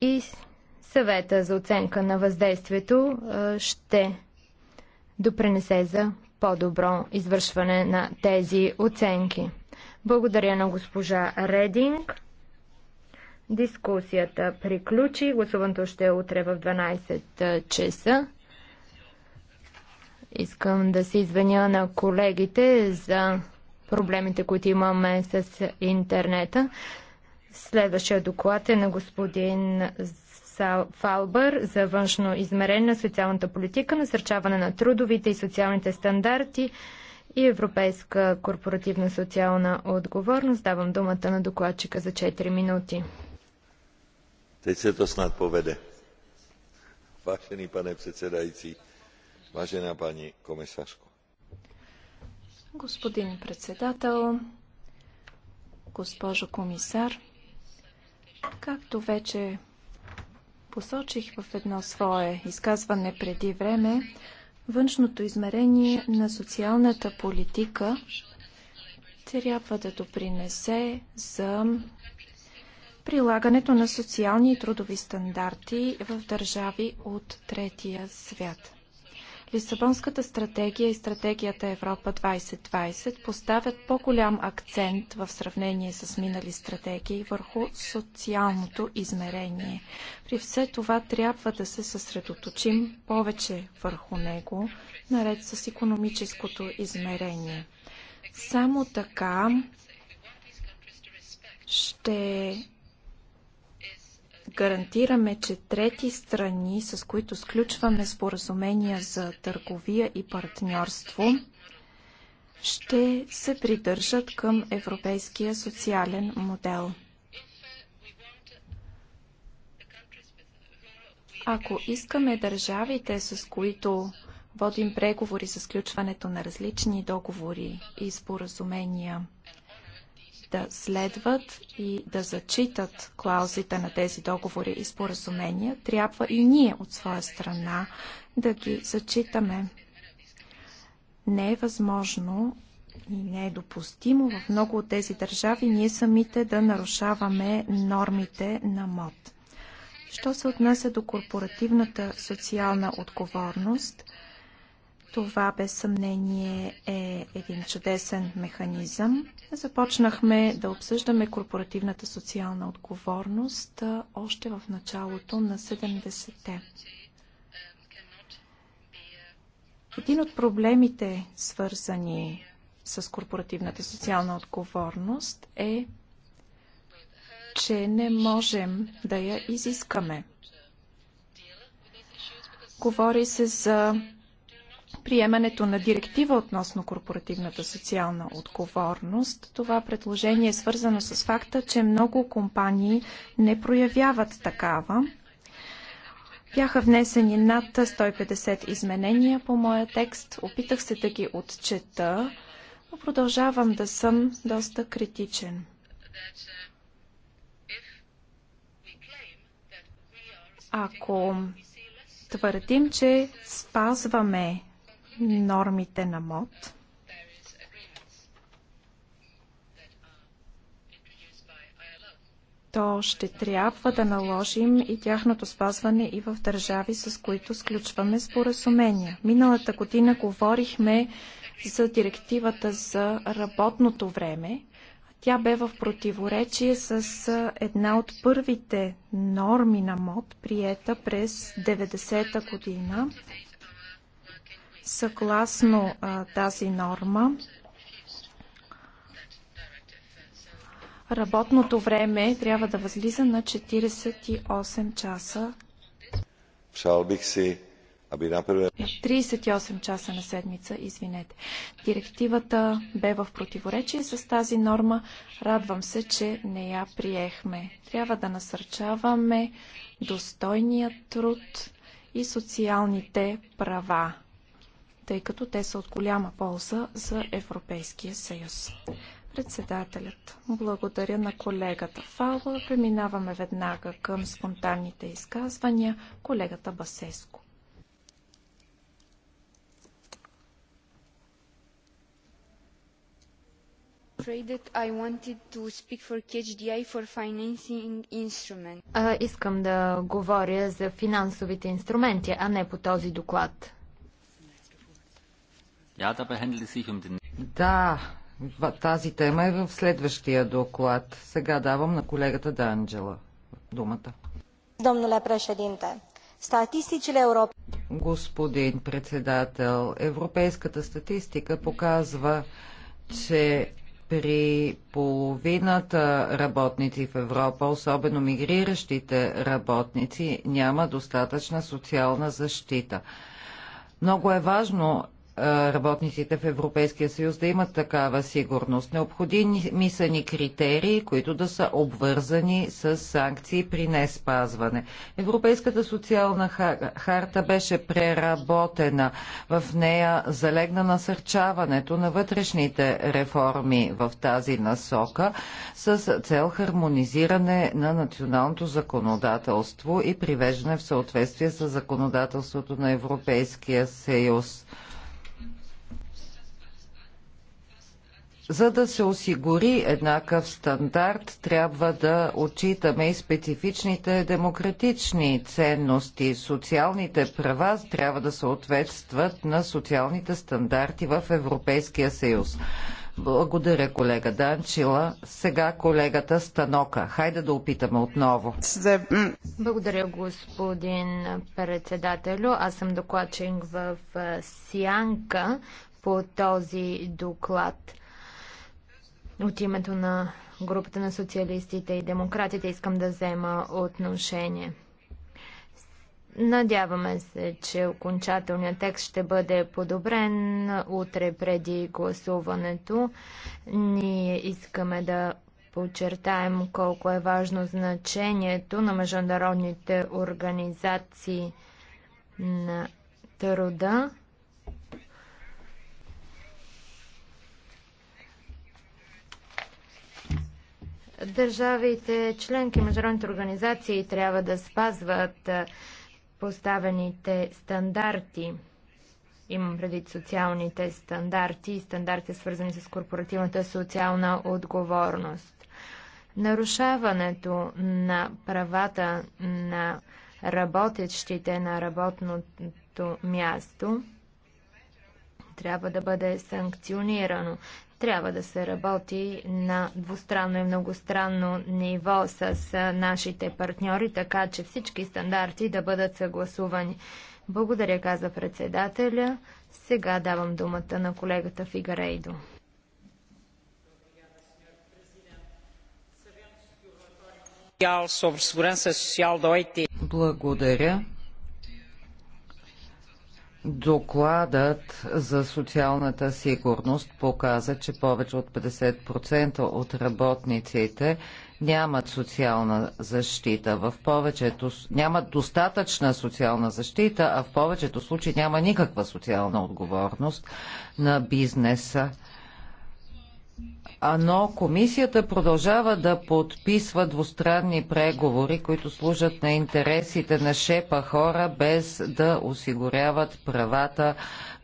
и съвета за оценка на въздействието е, ще допренесе за по-добро извършване на тези оценки. Благодаря на госпожа Рединг. Дискусията приключи. Гласуването ще е утре в 12 е, часа. Искам да се извиня на колегите за проблемите, които имаме с интернета. Следващия доклад е на господин Фалбър за външно измерение на социалната политика, насърчаване на трудовите и социалните стандарти и европейска корпоративна социална отговорност. Давам думата на докладчика за 4 минути. Teď се to snad povede. Vážený pane předsedající, vážená paní Господин председател, госпожо комисар, Както вече посочих в едно свое изказване преди време, външното измерение на социалната политика трябва да допринесе за прилагането на социални и трудови стандарти в държави от третия свят. Лисабонската стратегия и стратегията Европа 2020 поставят по-голям акцент в сравнение с минали стратегии върху социалното измерение. При все това трябва да се съсредоточим повече върху него, наред с економическото измерение. Само така ще гарантираме, че трети страни, с които сключваме споразумения за търговия и партньорство, ще се придържат към европейския социален модел. Ако искаме държавите, с които водим преговори за сключването на различни договори и споразумения, да следват и да зачитат клаузите на тези договори и споразумения, трябва и ние от своя страна да ги зачитаме. Не е възможно и не е допустимо в много от тези държави ние самите да нарушаваме нормите на МОД. Що се отнася до корпоративната социална отговорност – това без съмнение е един чудесен механизъм. Започнахме да обсъждаме корпоративната социална отговорност още в началото на 70-те. Един от проблемите, свързани с корпоративната социална отговорност, е, че не можем да я изискаме. Говори се за приемането на директива относно корпоративната социална отговорност. Това предложение е свързано с факта, че много компании не проявяват такава. Бяха внесени над 150 изменения по моя текст. Опитах се да ги отчета, но продължавам да съм доста критичен. Ако твърдим, че спазваме нормите на МОД. то ще трябва да наложим и тяхното спазване и в държави, с които сключваме споразумения. Миналата година говорихме за директивата за работното време. Тя бе в противоречие с една от първите норми на МОД, приета през 90-та година Съгласно а, тази норма, работното време трябва да възлиза на 48 часа. 38 часа на седмица, извинете. Директивата бе в противоречие с тази норма. Радвам се, че не я приехме. Трябва да насърчаваме достойния труд и социалните права тъй като те са от голяма полза за Европейския съюз. Председателят. Благодаря на колегата Фала. Преминаваме веднага към спонтанните изказвания. Колегата Басеско. искам да говоря за финансовите инструменти, а не по този доклад. Um да, тази тема е в следващия доклад. Сега давам на колегата Данджела думата. Domnule președinte, statisticile europene... Господин председател, европейската статистика показва, че при половината работници в Европа, особено мигриращите работници, няма достатъчна социална защита. Много е важно работниците в Европейския съюз да имат такава сигурност. Необходими са ни критерии, които да са обвързани с санкции при неспазване. Европейската социална харта беше преработена. В нея залегна насърчаването на вътрешните реформи в тази насока с цел хармонизиране на националното законодателство и привеждане в съответствие с законодателството на Европейския съюз. За да се осигури еднакъв стандарт, трябва да отчитаме и специфичните демократични ценности. Социалните права трябва да съответстват на социалните стандарти в Европейския съюз. Благодаря, колега Данчила. Сега колегата Станока. Хайде да опитаме отново. Благодаря, господин председателю. Аз съм докладчик в Сянка по този доклад. От името на групата на социалистите и демократите искам да взема отношение. Надяваме се, че окончателният текст ще бъде подобрен утре преди гласуването. Ние искаме да подчертаем колко е важно значението на международните организации на труда. Държавите, членки, международните организации трябва да спазват поставените стандарти. Имам преди социалните стандарти и стандарти свързани с корпоративната социална отговорност. Нарушаването на правата на работещите на работното място – трябва да бъде санкционирано. Трябва да се работи на двустранно и многостранно ниво с нашите партньори, така че всички стандарти да бъдат съгласувани. Благодаря, каза председателя. Сега давам думата на колегата Фигарейдо. Благодаря. Докладът за социалната сигурност показа, че повече от 50% от работниците нямат социална защита. В повечето нямат достатъчна социална защита, а в повечето случаи няма никаква социална отговорност на бизнеса но комисията продължава да подписва двустранни преговори, които служат на интересите на шепа хора, без да осигуряват правата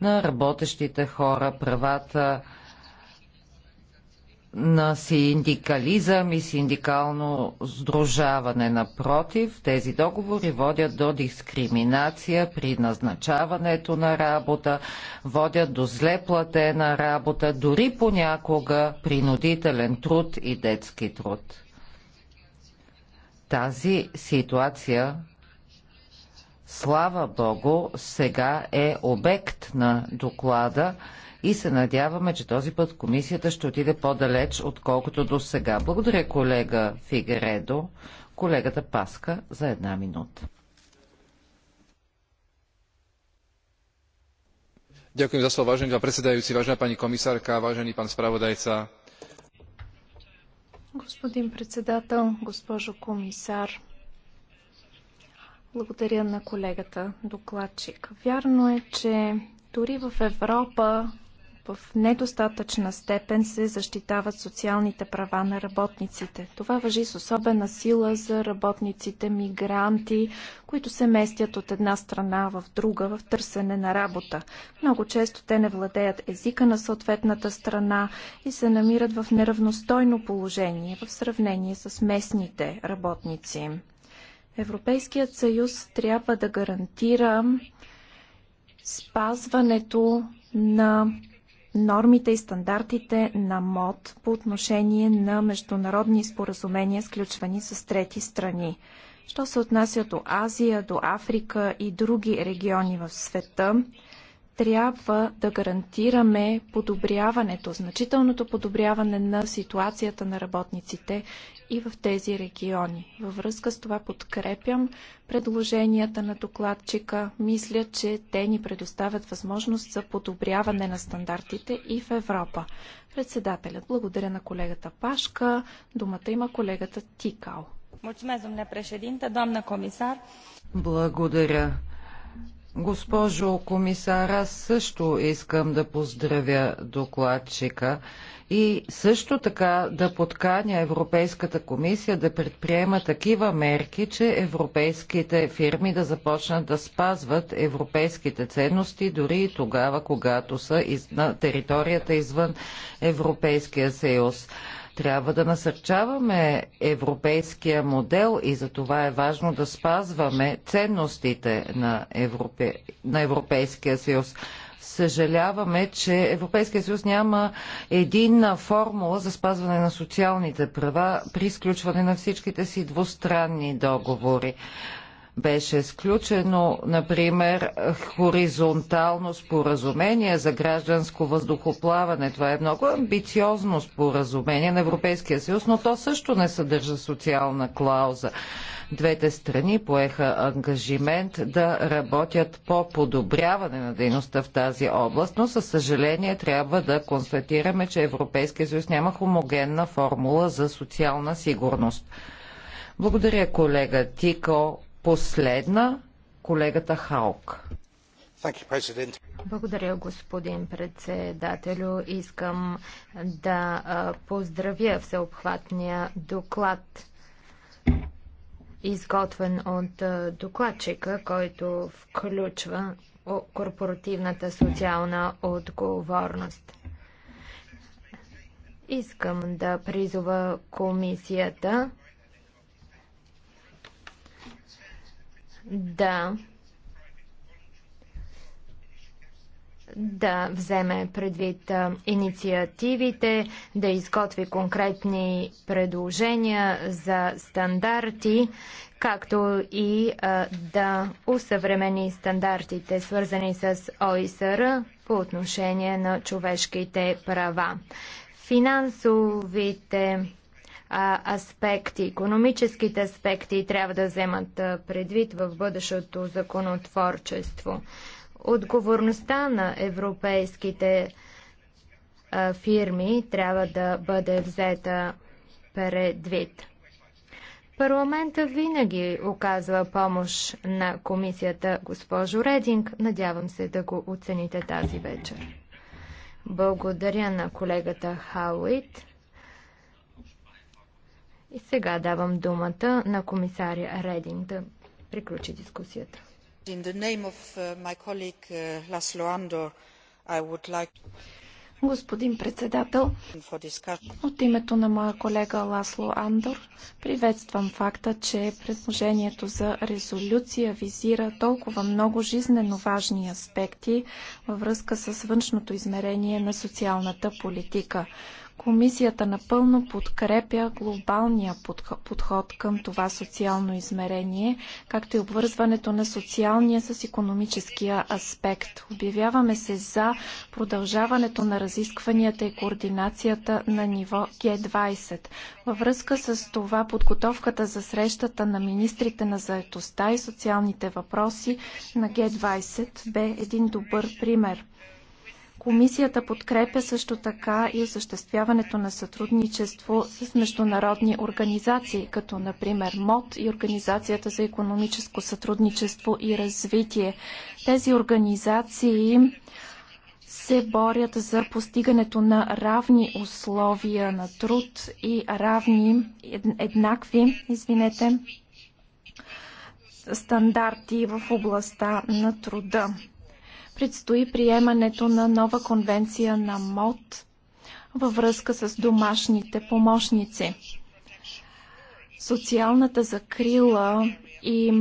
на работещите хора, правата на синдикализъм и синдикално сдружаване. Напротив, тези договори водят до дискриминация при назначаването на работа, водят до зле платена работа, дори понякога принудителен труд и детски труд. Тази ситуация слава Богу, сега е обект на доклада и се надяваме, че този път комисията ще отиде по-далеч, отколкото до сега. Благодаря, колега Фигередо. Колегата Паска за една минута. Ďakujem za slovo, vážený pán predsedajúci, vážená pani komisárka, vážený pán spravodajca. Господин председател, госпожо комисар, благодаря на колегата докладчик. Вярно е, че дори в Европа в недостатъчна степен се защитават социалните права на работниците. Това въжи с особена сила за работниците мигранти, които се местят от една страна в друга в търсене на работа. Много често те не владеят езика на съответната страна и се намират в неравностойно положение в сравнение с местните работници. Европейският съюз трябва да гарантира спазването на нормите и стандартите на МОД по отношение на международни споразумения, сключвани с трети страни. Що се отнася до Азия, до Африка и други региони в света, трябва да гарантираме подобряването, значителното подобряване на ситуацията на работниците и в тези региони. Във връзка с това подкрепям предложенията на докладчика. Мисля, че те ни предоставят възможност за подобряване на стандартите и в Европа. Председателят, благодаря на колегата Пашка. Думата има колегата Тикал. Благодаря. Госпожо комисар, аз също искам да поздравя докладчика и също така да подканя Европейската комисия да предприема такива мерки, че европейските фирми да започнат да спазват европейските ценности дори и тогава, когато са на територията извън Европейския съюз. Трябва да насърчаваме европейския модел и за това е важно да спазваме ценностите на, Европе... на Европейския съюз. Съжаляваме, че Европейския съюз няма единна формула за спазване на социалните права при изключване на всичките си двустранни договори беше сключено, например, хоризонтално споразумение за гражданско въздухоплаване. Това е много амбициозно споразумение на Европейския съюз, но то също не съдържа социална клауза. Двете страни поеха ангажимент да работят по подобряване на дейността в тази област, но със съжаление трябва да констатираме, че Европейския съюз няма хомогенна формула за социална сигурност. Благодаря колега Тико Последна колегата Хаук. Благодаря, господин председателю. Искам да поздравя всеобхватния доклад, изготвен от докладчика, който включва корпоративната социална отговорност. Искам да призова комисията да да вземе предвид а, инициативите, да изготви конкретни предложения за стандарти, както и а, да усъвремени стандартите, свързани с ОИСР по отношение на човешките права. Финансовите аспекти, економическите аспекти трябва да вземат предвид в бъдещото законотворчество. Отговорността на европейските фирми трябва да бъде взета предвид. Парламента винаги оказва помощ на комисията госпожо Рединг. Надявам се да го оцените тази вечер. Благодаря на колегата Хауит. И сега давам думата на комисаря Рединг да приключи дискусията. Uh, uh, Andor, like... Господин председател, от името на моя колега Ласло Андор приветствам факта, че предложението за резолюция визира толкова много жизненно важни аспекти във връзка с външното измерение на социалната политика. Комисията напълно подкрепя глобалния подход към това социално измерение, както и обвързването на социалния с економическия аспект. Обявяваме се за продължаването на разискванията и координацията на ниво Г20. Във връзка с това подготовката за срещата на министрите на заетостта и социалните въпроси на Г20 бе един добър пример. Комисията подкрепя също така и осъществяването на сътрудничество с международни организации, като например МОД и Организацията за економическо сътрудничество и развитие. Тези организации се борят за постигането на равни условия на труд и равни, еднакви, извинете, стандарти в областта на труда предстои приемането на нова конвенция на МОД във връзка с домашните помощници. Социалната закрила и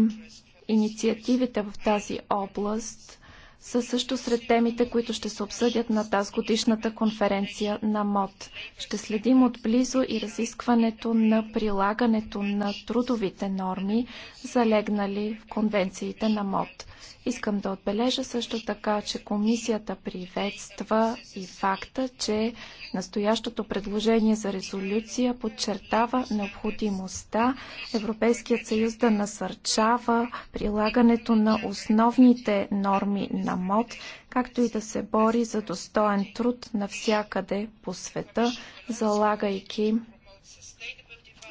инициативите в тази област са също сред темите, които ще се обсъдят на тази годишната конференция на МОД. Ще следим отблизо и разискването на прилагането на трудовите норми, залегнали в конвенциите на МОД. Искам да отбележа също така, че комисията приветства и факта, че настоящото предложение за резолюция подчертава необходимостта Европейският съюз да насърчава прилагането на основните норми на МОД, както и да се бори за достоен труд навсякъде по света, залагайки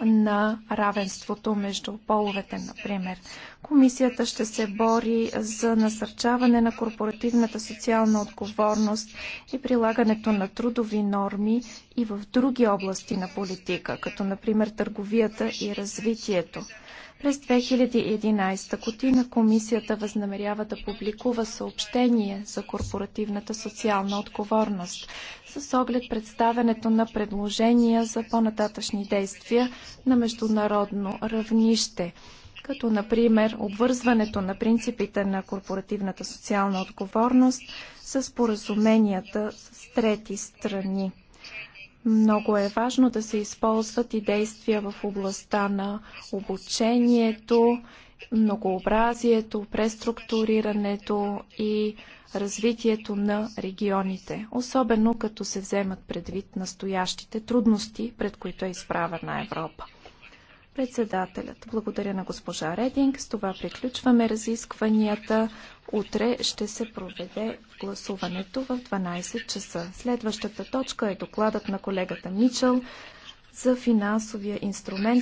на равенството между половете, например. Комисията ще се бори за насърчаване на корпоративната социална отговорност и прилагането на трудови норми и в други области на политика, като например търговията и развитието. През 2011 година комисията възнамерява да публикува съобщение за корпоративната социална отговорност с оглед представянето на предложения за по-нататъчни действия на международно равнище – като например обвързването на принципите на корпоративната социална отговорност с поразуменията с трети страни. Много е важно да се използват и действия в областта на обучението, многообразието, преструктурирането и развитието на регионите, особено като се вземат предвид настоящите трудности, пред които е изправена Европа. Председателят. Благодаря на госпожа Рединг. С това приключваме разискванията. Утре ще се проведе гласуването в 12 часа. Следващата точка е докладът на колегата Мичел за финансовия инструмент